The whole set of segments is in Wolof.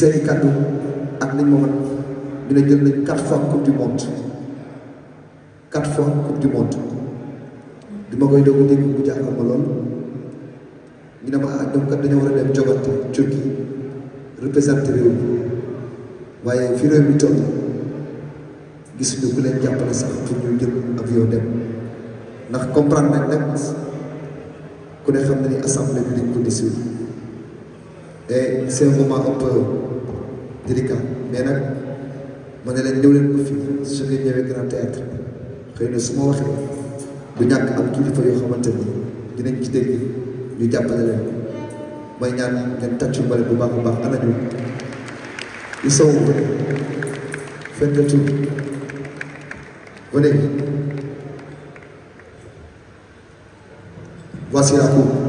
seeni kàddu ak liñ ma mën ñu ne jël nañ quatre fois coupe du monde quatre fois coupe du monde ma koy ah, dañoo war a dem jogante Turquie représenté réew mi waaye fi réew mi toll gis ku leen jàppale sax pour ñu jël avion dem ndax comprendre nañ nag ku ne xam ne ni assemblée bi dañ ko et c'est un moment un peu délicat mais nag ma ne leen ñëw leen ko fii su ñëwee grand théâtre xëy na su ma waxee du ñàkk am kilifa yoo xamante ni dinañ ci dégg ñu jàppale leen may ñaan ngeen tàccu mbale bu baax a baax ana ñu i sow fente cu venez voici la cour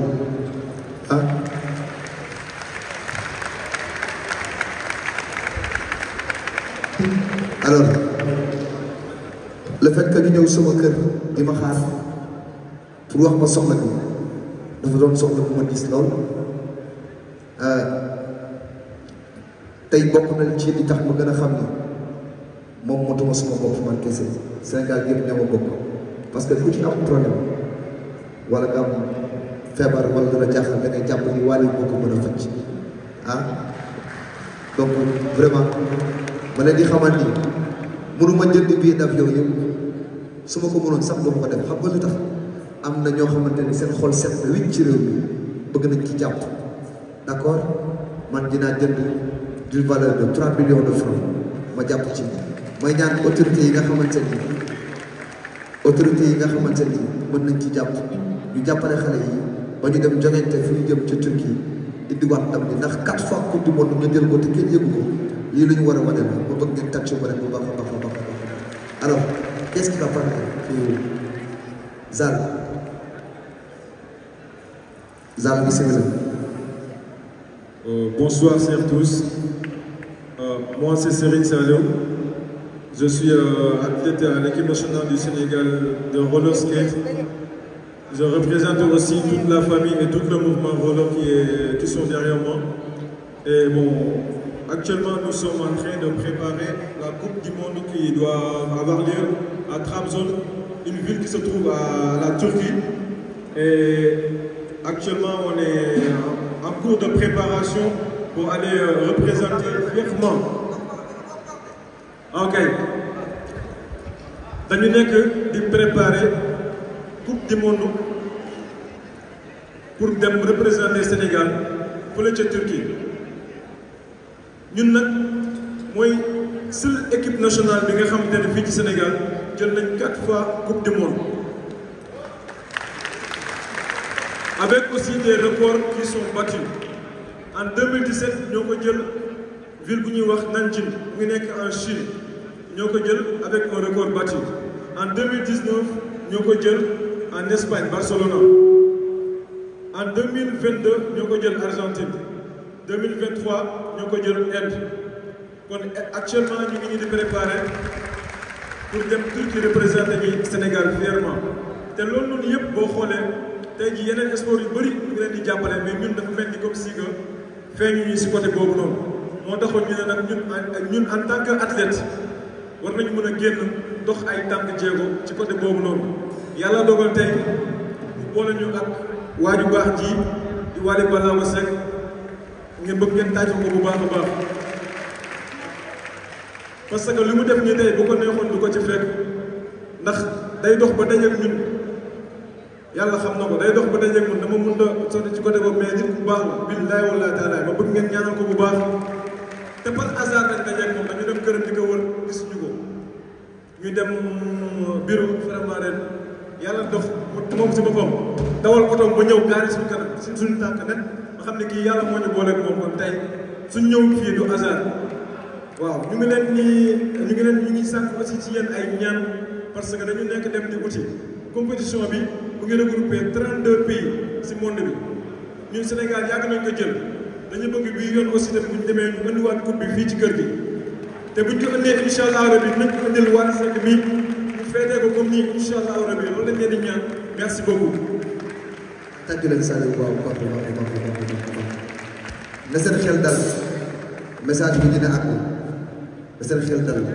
ñëw sama kër di ma xaar pour wax ma soxla bi dafa doon soxla bu ma gis lool euh, tey bokk na ci li tax ma gën a xam ni moom motuma sama bopp man kese Sénégal yëpp ñoo ma bokk parce que ku ci am problème wala nga am feebar wala dara jaaxal da jàpp ni waale boo mën a faj ah donc vraiment ma di xamal ni mënu jënd bii daf yow yëpp su ma ko mënoon sax duma ko def xam nga lu tax am na ñoo xamante ne seen xol set wicc ci réew mi bëgg nañ ci jàpp d'accord man dinaa jënd d'une valeur de 3 millions de francs ma jàpp ci may ñaan autorités yi nga xamante ni autorités yi nga xamante ni mën nañ ci jàpp ñu jàppale xale yi ba ñu dem joŋante fi ñu jëm ca Turquie indiwaat ndam bi ndax quatre fois coupe du monde nga jël ko te kenn yëgu ko lii lu ñu war a wane la ma bëgg ngeen tàcc ba rek bu baax a baax a baax alors. Qu'est-ce qui va pas qui... Euh, euh, Je suis euh, à l'équipe nationale du Sénégal de roller skate. Je représente aussi toute la famille et tout le mouvement roller qui, sont derrière Et actuellement, nous sommes en train de préparer la Coupe du Monde qui doit avoir lieu à Trabzon, une ville qui se trouve à la Turquie. Et actuellement, on est en cours de préparation pour aller euh, représenter fièrement. ok dañu nekk di préparer coupe du monde pour dem représenter Sénégal fële ca Turquie ñun nag mooy seule équipe nationale bi nga xamante ne fii ci Sénégal. jël nañ quatre fois coupe du avec aussi des records qui sont battus en 2017 ñoo ko jël ville bu ñuy wax Nanjing mu nekk en Chine ñoo ko jël avec un record battu en 2019 ñoo ko jël en Espagne Barcelona en 2022 ñoo ko jël Argentine 2023 ñoo ko jël Inde kon actuellement ñu ngi ñu di préparer pour dem Turquie représenté ñi Sénégal fièrement te loolu noonu yëpp boo xoolee tey jii yeneen sport yu bëri ñu leen di jàppale mais ñun dafa mel ni comme si que feeñu ñu si côté boobu noonu moo taxoon ñu ne nag ñun ñun en tant que athlète war nañu mën a génn dox ay tànk jéego ci côté boobu noonu yàlla dogal tey woo boole ñu ak waa ju baax ji di Wally Ballago Seck ngeen bëgg ngeen tàcc ko bu baax a baax parce li mu dem ni tey bu ko neexoon du ko ci fekk ndax day dox ba dajeeg ñun yàlla xam na ko day dox ba dajeeg ñun dama mun a sori ci côté boobu mais bëgg ngeen ñaanal ko bu baax te par hasard lañ dajeeg moom dañu dem këram di ko wër gisuñu ko ñu dem biiru vraiment ren yàlla dox moom si boppam dawal otoom ba ñëw gaari suñu kanam suñu tànk nekk ma xam ne kii yàlla moo ñu booleeg moom kon tey suñ ñëw fii du hasard. waaw ñu ngi leen ni ñu ngi leen ñu ngi sàkk aussi ci yéen ay ñaan parce que dañu nekk dem di wuti compétition bi mu ngi regroupé 32 pays si monde bi ñun Sénégal yàgg nañ ko jël dañu bëgg bii yoon aussi bu ñu demee ñu indiwaat coupe bi fii ci kër gi te bu ko indee incha allah rabi nañ ko indil waa Seck mi ñu feetee ko comme nii incha allah loolu lañ leen di ñaan merci beaucoup. tàgg leen Saliou Ba bu baax a baax a baax a baax message bi dina àggul. te seen xel dal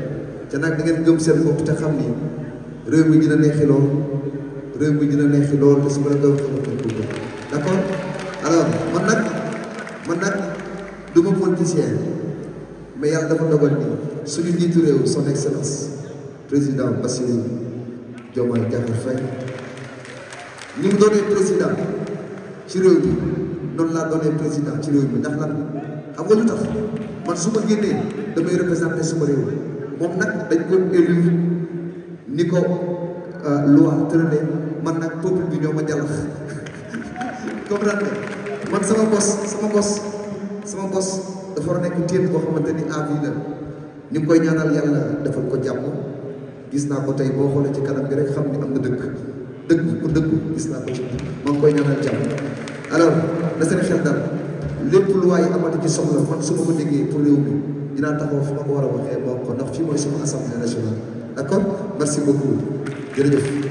te nag da ngeen gëm seen bopp te xam ni réew mi dina neexi lool réew mi dina neexi lool te su ma la gëm xam nga ko d'accord alors man nag man nag du ma politicien mais yàlla dafa dogal ni suñu njiitu réew son excellence président Bassirou Diomaye Diakhar Faye ni mu doonee président ci réew bi noonu laa doonee président ci réew bi ndax lan xam nga lu tax man su ma génnee damay représenté suma réew moom nag dañ ko élu ni ko euh, loi tërale man nag peuple bi ñoo ma jàllax comprendre man sama bos sama bos sama bos dafa war a nekk téen boo xamante ni avis la ñu ngi koy ñaanal yàlla defal ko jàmm gis naa ko tey boo xoolee ci kanam gi rek xam ni am na dëkk dëkk pour dëkk gis naa ko ma ngi koy ñaanal jàmm alors na seen xel dal lépp lu waaye amati ci soxla man su ma ko déggee pour réew mi dinaa taxaw fi ma ko war a waxee moo ko fii mooy sama assemblée nationale d'accord merci beaucoup jërëjëf.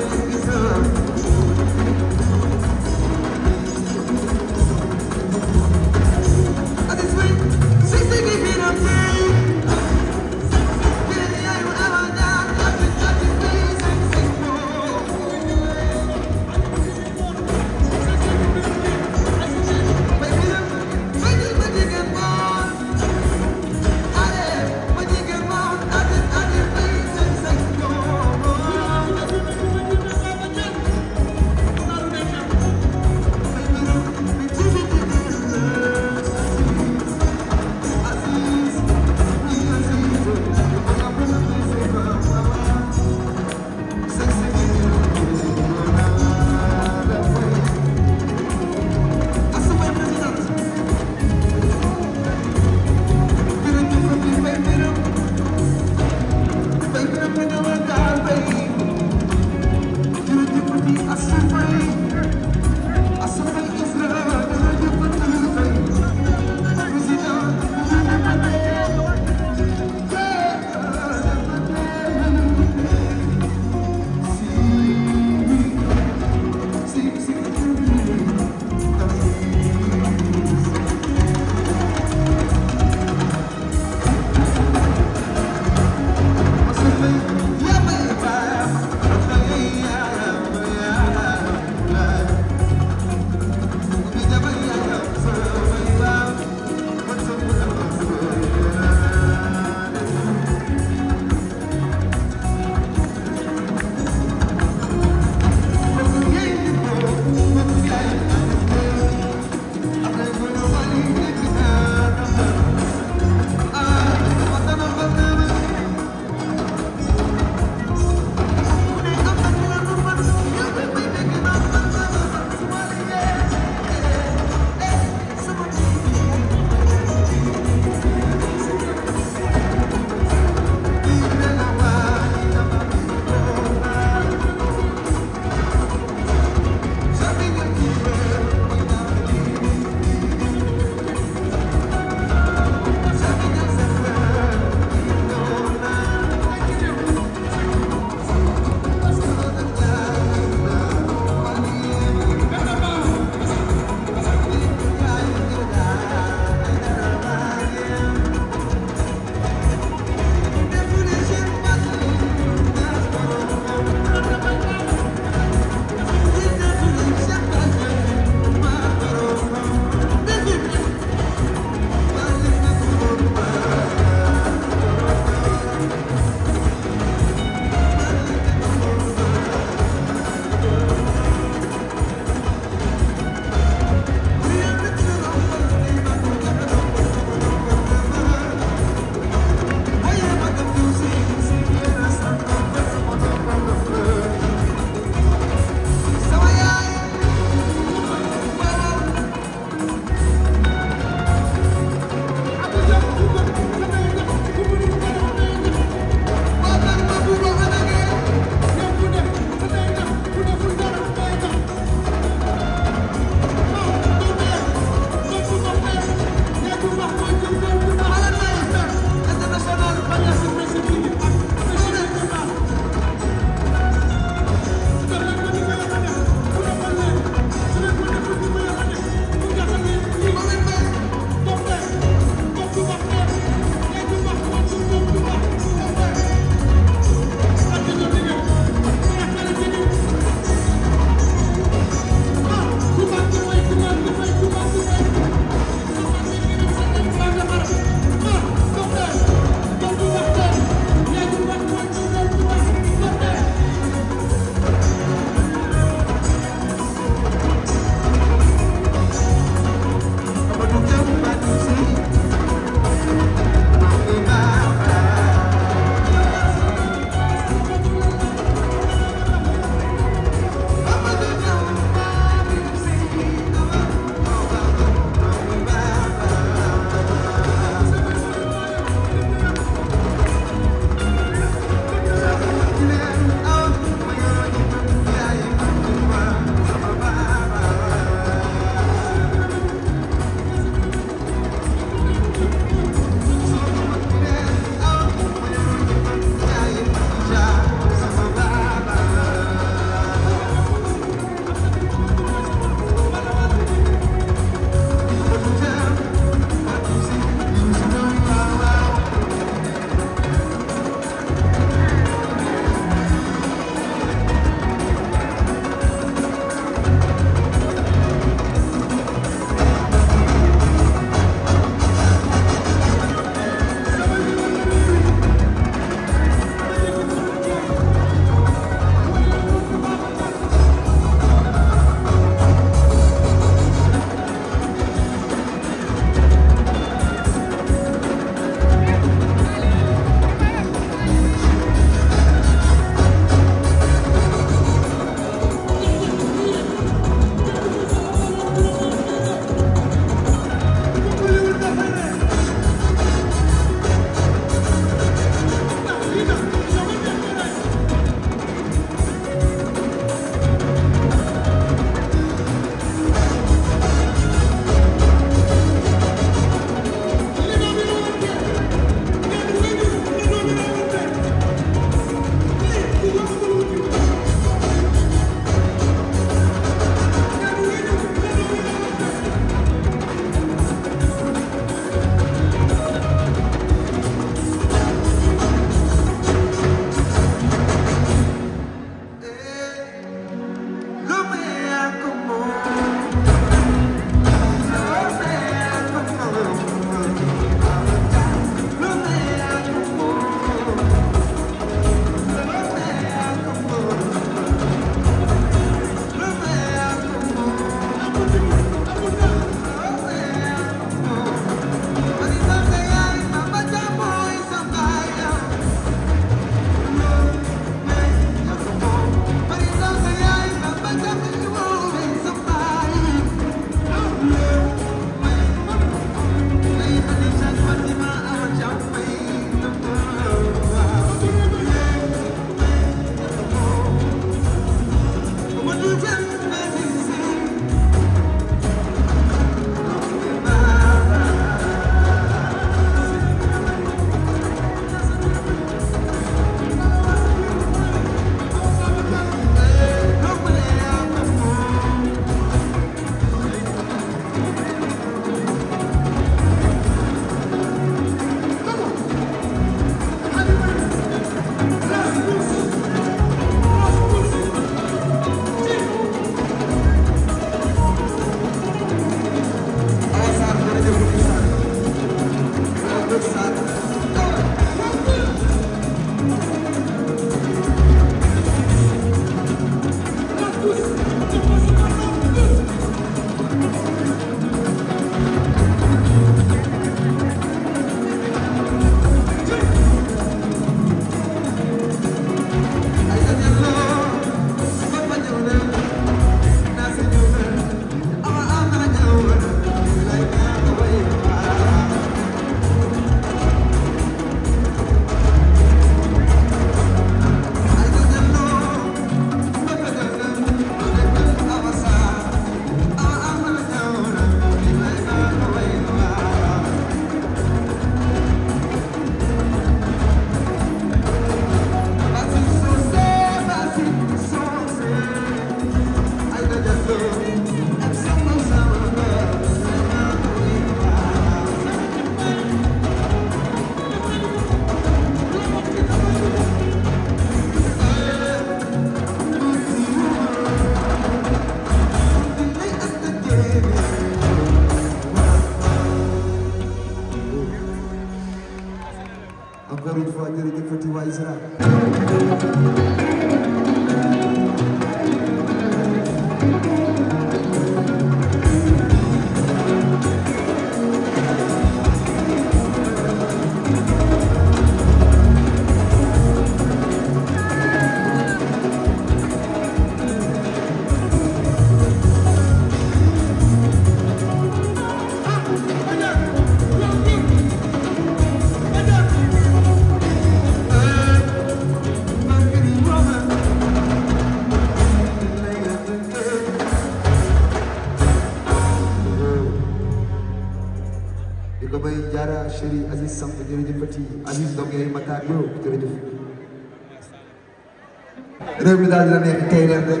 réew mi daal dina nekk tey rek rek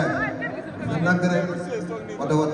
eh nag rek wata wat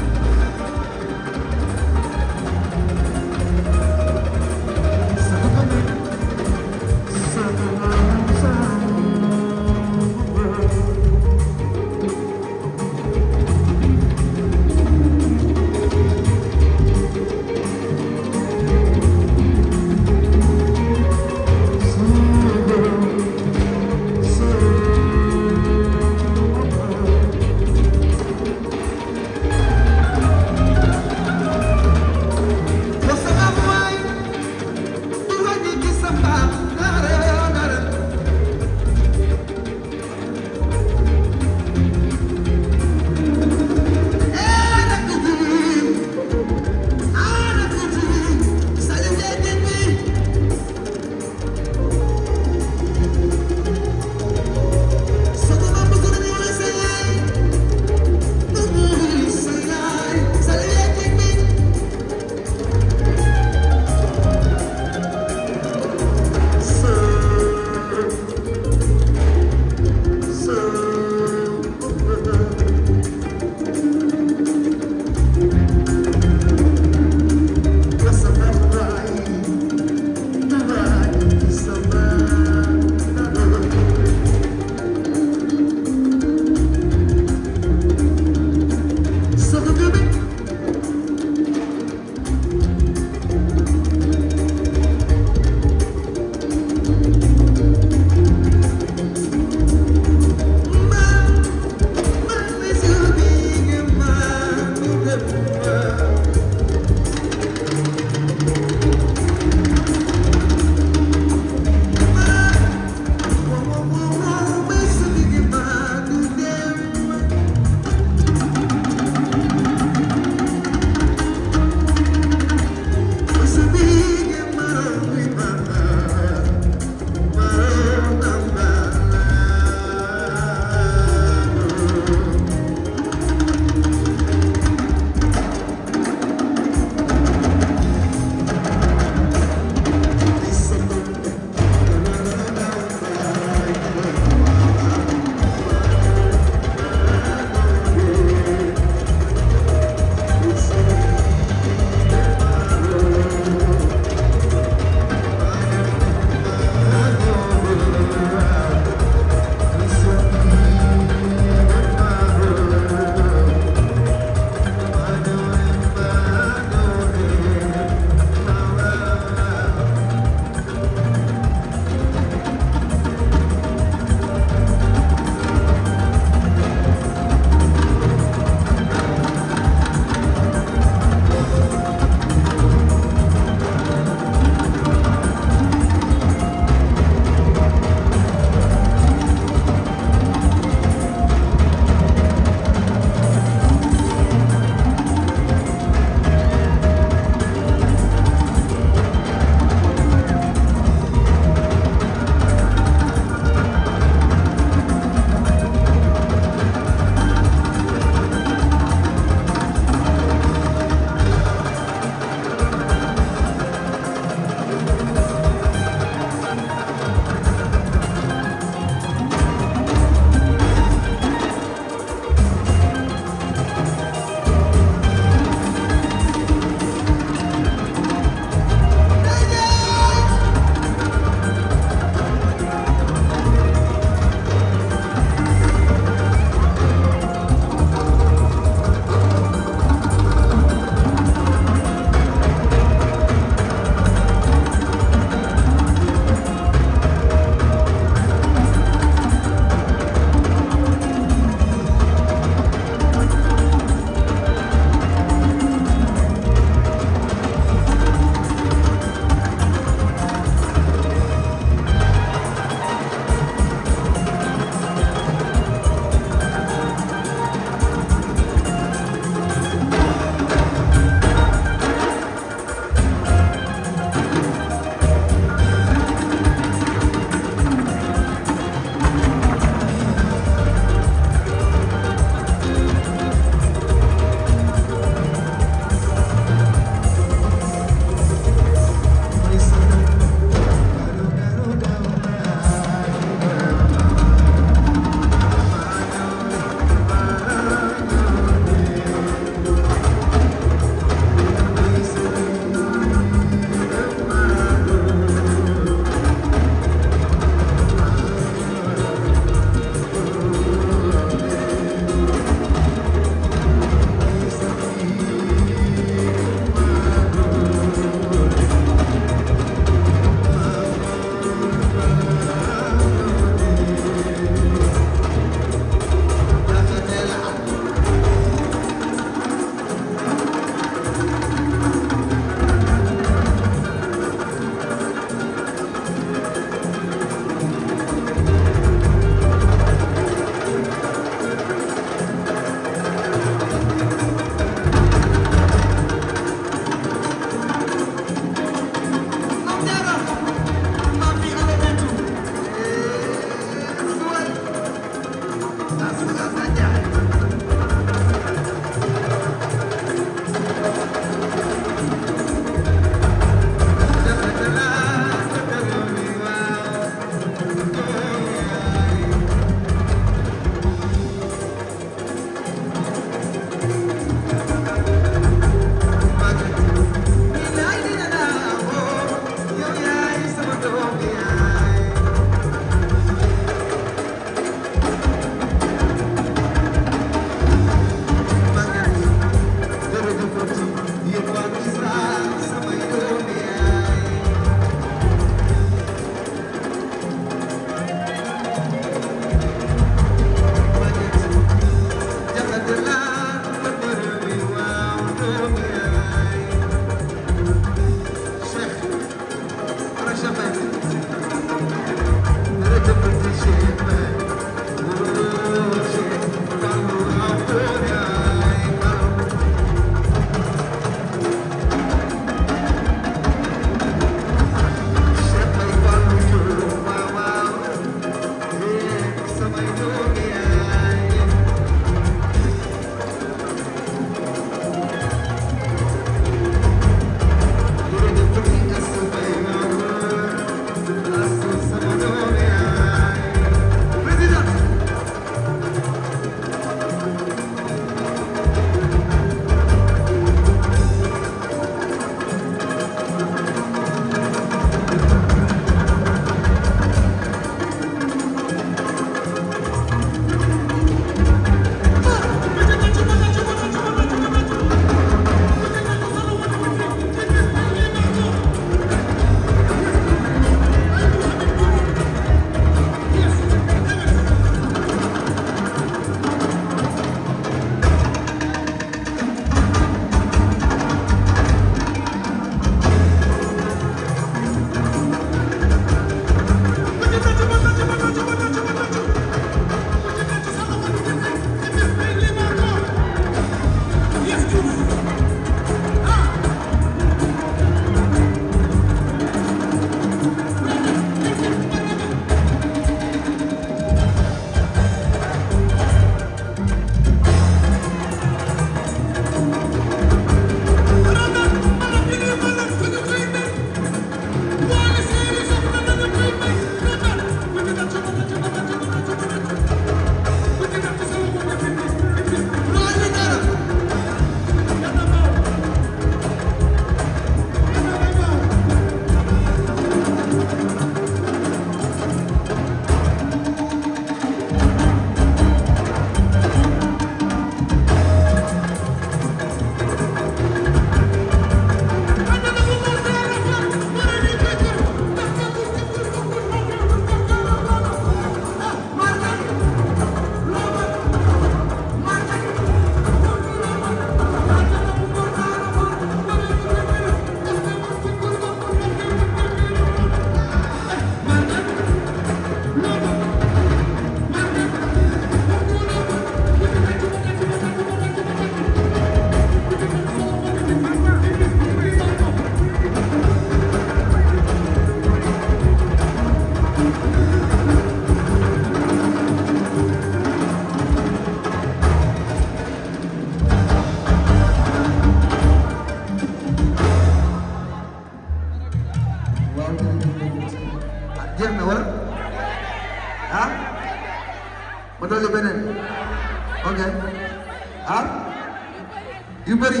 yu bëri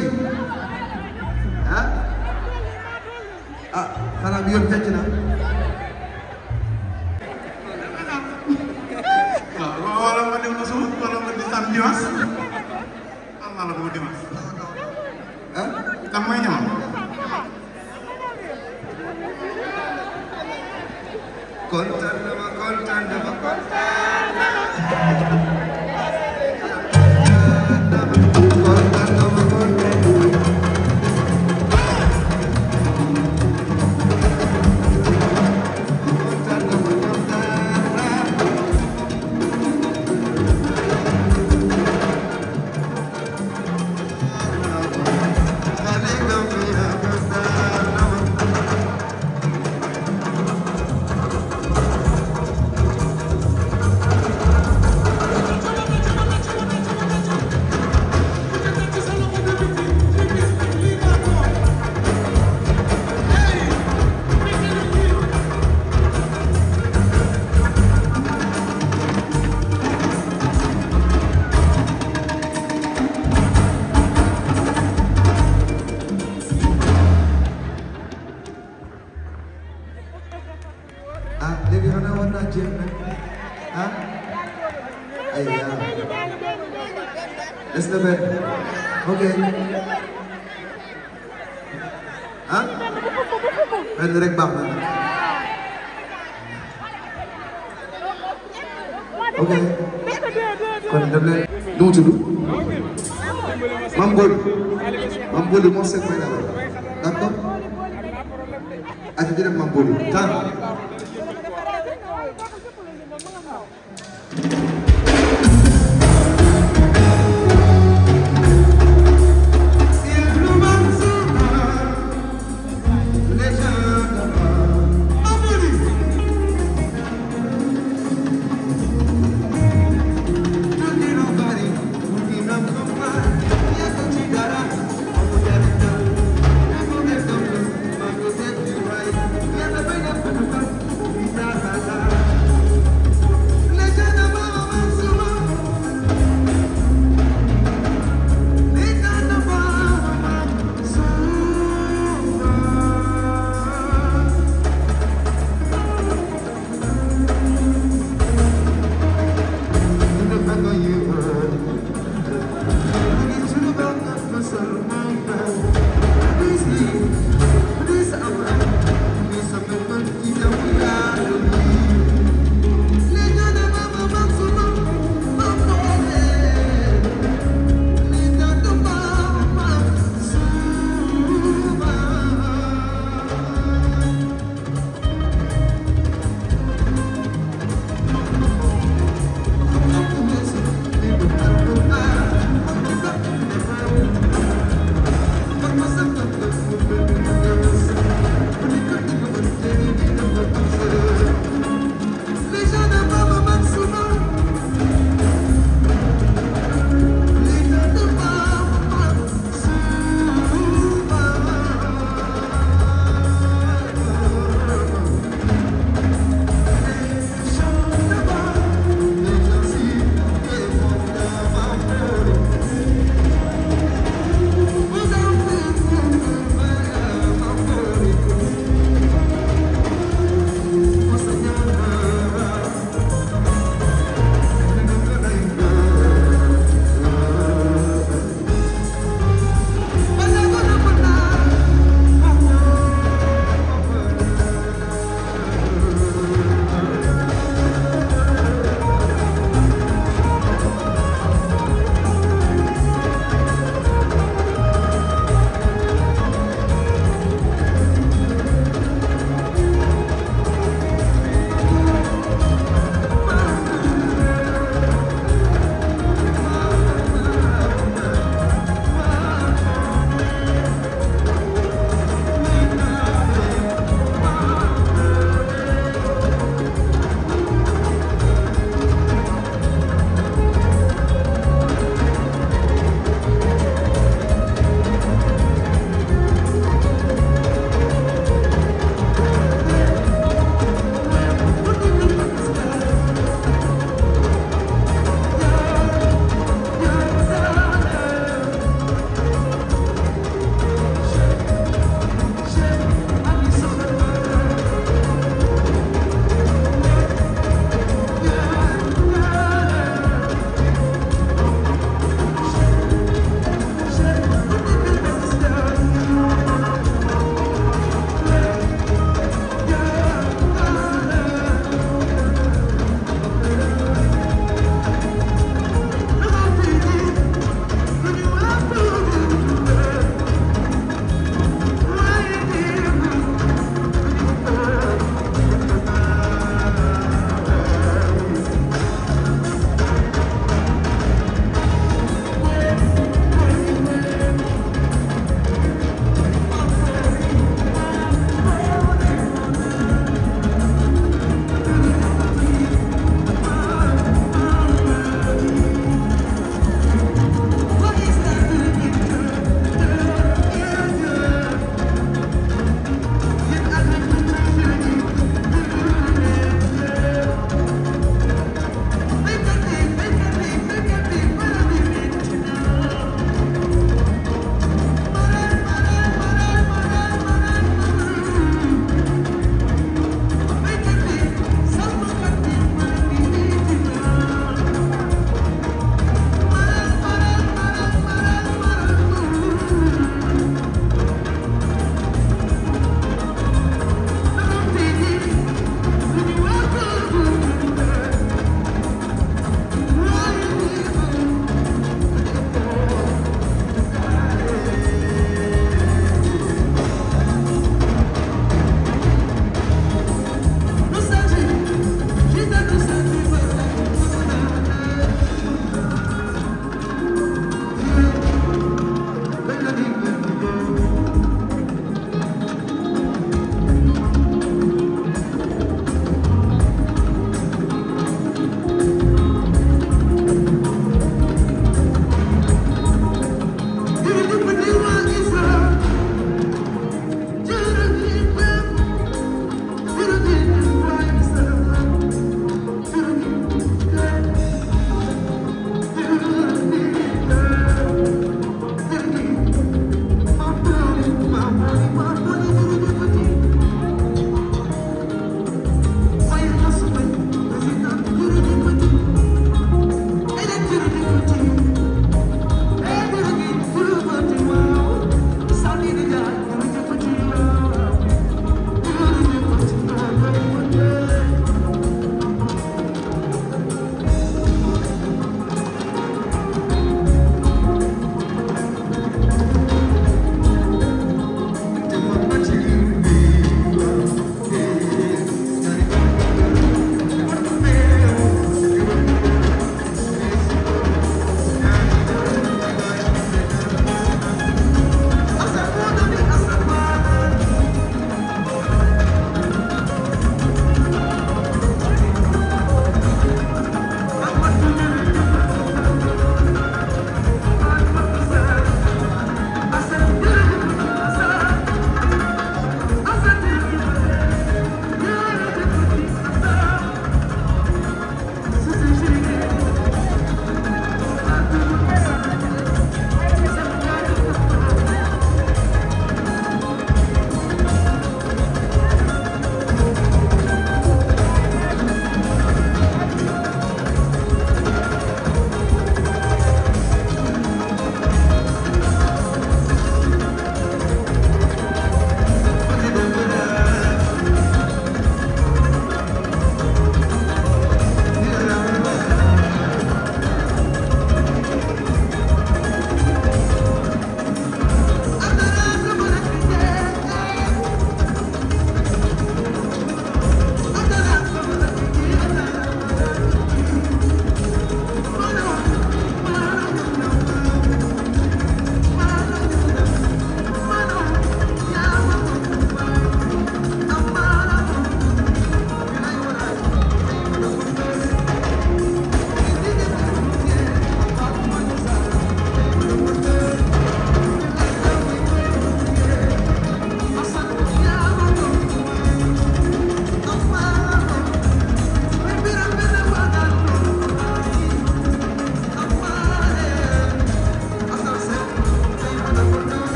ah ah xanaa bi yoon fecc na wala ma dem wala ma di sam dimanche la ko dimanche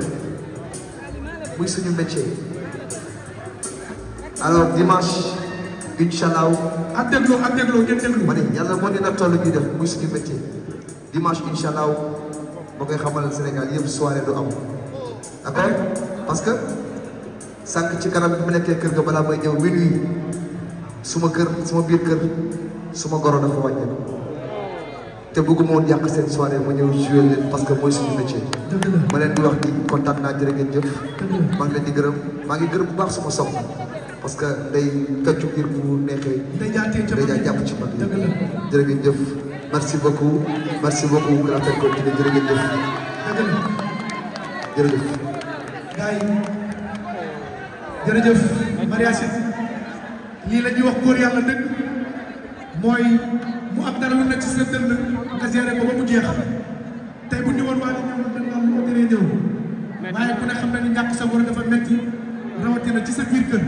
def muy suñu métier alors dimanche incha allah. ak déglu ak déglu ma ne yàlla moo dina toll ñuy def muy suñu métier dimanche incha allah koy xamal Sénégal yëpp soirée du am d'accord parce que sànq ci kanam bi mu nekkee kër ga balaa may ñëw minuit suma kër suma biir kër suma goro dafa wàññeeku. te bëgguma woon yàq seen soirée ma ñëw joué leen parce que mooy suñu métier. ma leen di wax di kontaan naa jërë ngeen jëf. maa ngi leen di gërëm maa ngi gërëm bu baax sama soxna. parce que day feccu ngir bu neexee. day jaa jàpp ci man yi jërë ngeen jëf. merci beaucoup merci beaucoup Grand Frère Continue jërë ngeen jëf. jërëjëf. gars yi jërëjëf Maria Sy lii la ñuy wax góor yàlla mooy. mu am dara lu nekk ci seen dënn nga géré ko ba mu jeex tey bu ñu woon waa ñoom dañ naan lu ko gënee ñëw waaye ne xam na ni ñàkk sa war dafa métti rawatina ci sa biir kër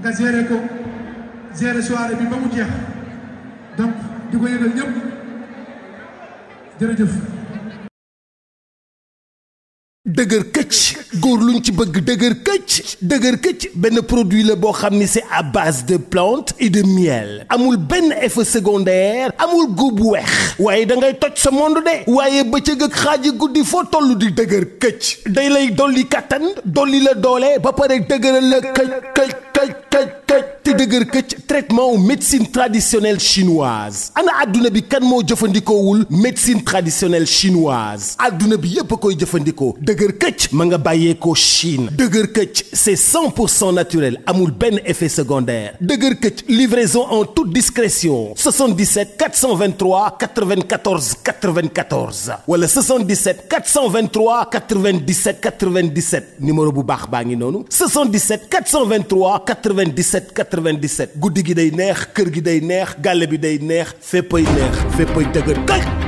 nga géré ko géré soirée bi ma mu jeex donc di ko yëgal ñëpp jërëjëf. dëgër këcc góor lu luñ ci bëgg dëgër këcc dëgër këcc benn produit la boo xam ni c'est à base de plantes et de miel amul benn effet secondaire amul góob bu weex waaye da ngay toj sa monde de waaye cëg ak xaaji guddi foo toll di dëgër këcc day lay dolli kattan dolli la doole ba pare dëgëral la këcc këcc këcc te dëgër këcc traitement wu médecine traditionnelle chinoise ana adduna bi kan moo jëfandikoowul médecine traditionnelle chinoise àdduna bi yépp koy jëfandikoo dëgër këcc ma nga bàyyeekoo Chine dëgër këcc c'est cent pour cent naturel amul benn effet secondaire dëgër këcc livraison en toute discrétion 77 423 94 94 wala 77 423 97 97 numéro bu baax baa ngi noonu 77 423 97 97 guddi gi day neex kër gi day neex galle bi day neex féppay neex féppay dëgër